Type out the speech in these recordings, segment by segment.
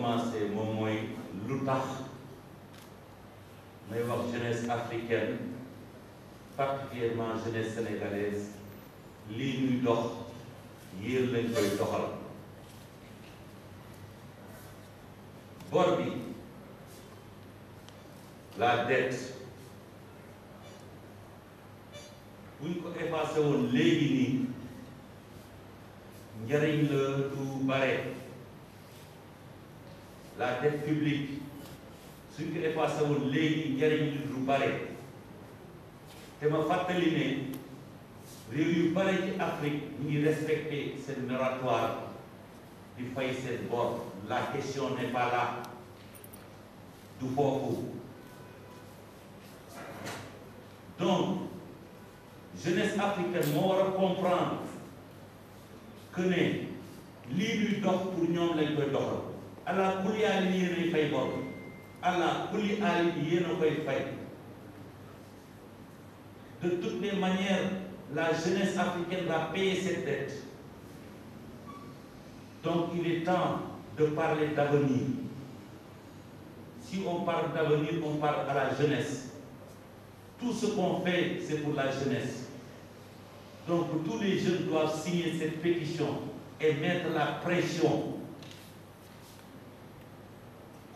commencé moom mooy lu tax may wax jeunesse africaine particulièrement jeunesse sénégalaise lii ñuy dox yéen lañ koy la dette buñ ko effacé woon léegi nii njëriñ la du bare la dette publique suñ ko effacé woon léegi njëriñ li bare te ma fàttali ne réew yu bare ci Afrique ñu ngi respecté seen di fay seen bor la question n'est pas là du foofu donc jeunesse africaine moo war comprendre que ne lii dox pour ñoom lañ koy doxal allah kulli alim yéen a fay bor allah kulli alim de toutes les manières la jeunesse africaine va payer cette dette donc il est temps de parler d'avenir si on parle d'avenir on parle à la jeunesse tout ce qu'on fait c'est pour la jeunesse donc tous les jeunes doivent signer cette pétition et mettre la pression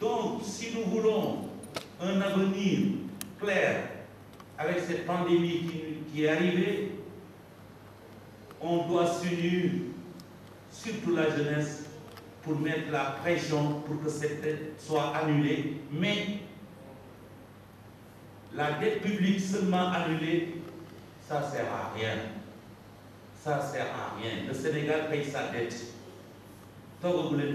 Donc, si nous voulons un avenir clair avec cette pandémie qui, qui est on doit s'unir, surtout la jeunesse, pour mettre la pression pour que cette dette soit annulée. Mais la dette publique seulement annulée, ça ne sert à rien. Ça ne sert à rien. Le Sénégal paye sa dette. Tant que vous l'avez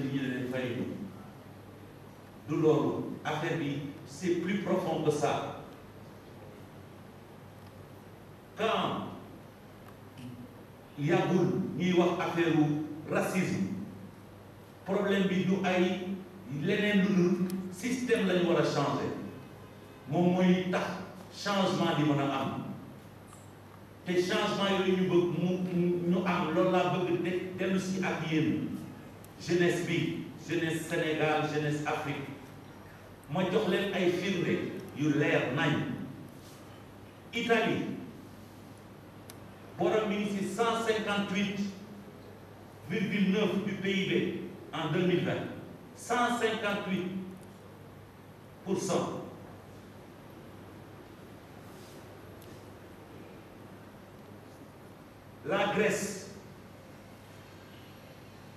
du loolu affaire bi c'est plus profond que ça quand yàggul ñuy wax affaire u racisme problème bi du ay leneen lu dul système lañu war a changer moom mooy tax changement di mën a am te changement yooyu ñu bëgg mu ñu am loolu laa bëgg de dellu si ak yéen jeunesse bi jeunesse Sénégal jeunesse Afrique ma jox leen ay firnde yu leer nañ Italie borom mi ngi ci cent cinquante huit virgule neuf du PIB en deux mille vingt cent cinquante huit pour cent la Grèce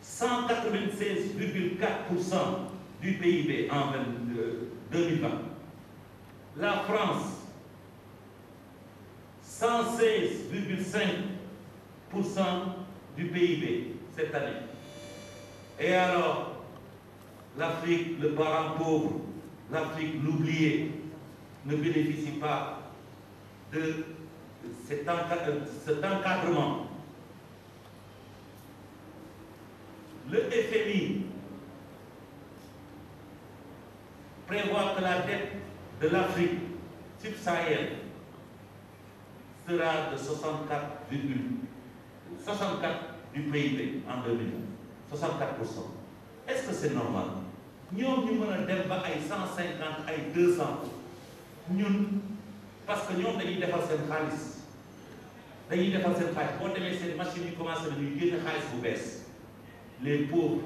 cent quatre vingt seize virgule quatre pour en 2020. La France, 116,5% du PIB cette année. Et alors, l'Afrique, le parent pauvre, l'Afrique l'oublié, ne bénéficie pas de cet euh, encadrement. Le FMI prévoit que la dette de l'Afrique subsaharienne sera de 64 virgule 64 du PIB en 2000 64 pour cent est-ce que c'est normal ñoom ñu mën a dem ba ay 150 ay 200 ñun parce que ñoom dañuy defal seen xaalis dañuy defal seen xaalis boo demee seen machine yi commencé nañuy génne xaalis bu bees les pauvres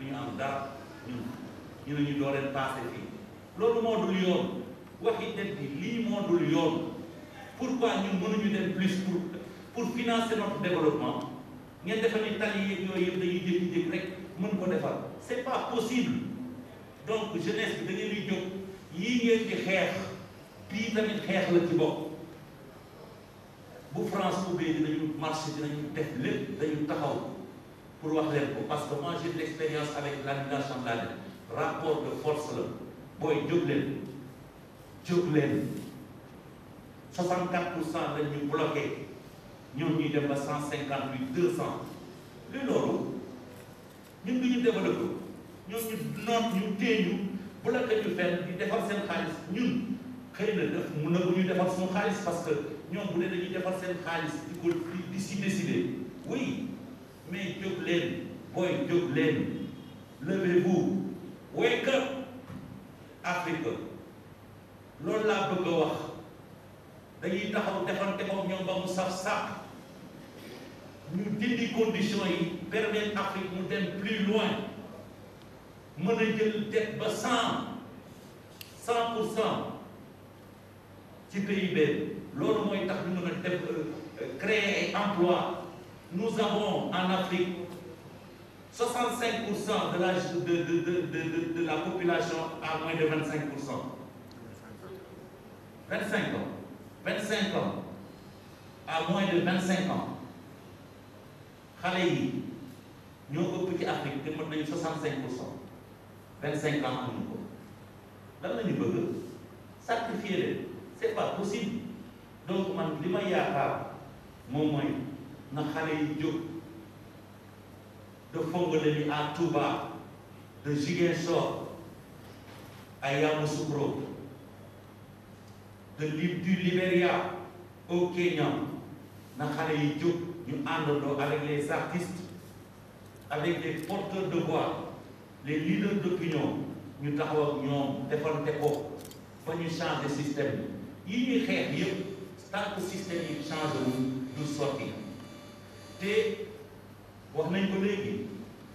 du ñu am dara ñun. ñu ne ñu doo leen passé fii loolu moo dul yoon waxi dem bi lii moo dul yoon pourquoi ñun mënuñu dem plus pour pour financer développement ngeen defal ni tali yeeg yooyu yëpp dañuy jékki-jékki rek mën ko defal c'est pas possible donc jeunesse bi da ngeen di jóg yii ngeen di xeex bii tamit xeex la ci bopp bu France ubbee dinañu marché dinañu def lépp dañu taxaw pour wax leen ko parce que moi j'ai de l'expérience avec l'animation de la rapport de force la booy jóg leen jóg leen 64 pour cent lañ ñu bloqué ñoom ñuy dem ba 158 200 li loolu ñun bi ñu développé ñoom ñu noot ñu téye ñu bloqué ñu fenn di defar seen xaalis ñun xëy na def mun na bu ñu defar suñu xaalis parce que ñoom bu dee dañuy defar seen xaalis di ko di si décider oui mais jóg leen wake up Afrique loolu laa bëgg a wax dañuy taxaw defante moom ñoom ba mu saf sàpp ñu dindi conditions yi permettre Afrique mu dem plus loin mën a jël dette ba cent cent pour cent ci PIB loolu mooy tax ñu mën a def euh, emploi nous avons en Afrique 65 pour cent de la de de de de la population à moins de 25 pour cent. 25 ans 25 ans à moins de 25 ans xale yi ñoo ëpp ci Afrique te mën nañu 65 pour cent 25 ans amuñu ko lan la ñu bëgg sacrifier leen c'est pas possible donc man li ma yaakaar moom na xale yi de Fongolébi à Touba de Ziguinchor à Yamoussoukro de du Libéria au Kenya na xale yi jóg ñu àndandoo avec les artistes avec les porteurs de voix les leaders d'opinion ñu taxaw ak ñoom defante ko ba ñu changer système yi ñuy xeex yëpp tant que système yi changé wu du sotti te. wax nañ ko léegi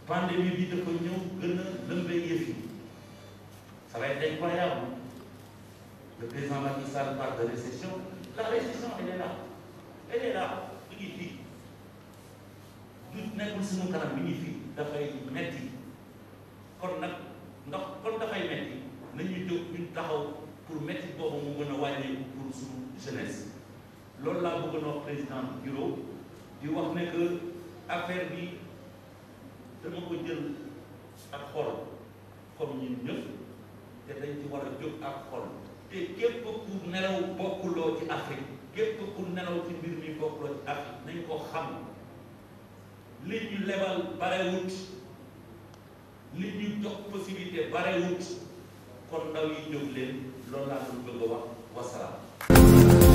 pandémie bi dafa ñëw gën a lëmbee yëf yi ça va être incroyable le président Macky Sall parle de récession la récession elle est là elle est mi ngi fii du nekkul suñu kanam mi ngi fii dafay metti kon nag ndax kon dafay metti nañu ñu taxaw pour metti boobu mu mën a wàññeeku pour suñu jeunesse loolu laa bëgg na wax président bureau di wax ne que affaire bi dama ko jël ak xol comme ñun ñëpp te dañ ci war a jóg ak xol te képp ku nelaw bokkuloo ci Afrique képp ku nelaw ci mbir mi bokkuloo ci Afrique nañ ko xam li ñu lebal barewut li ñu jox possibilité barewut kon ndaw yi jóg leen loolu laa doon bëgg wax wasalaam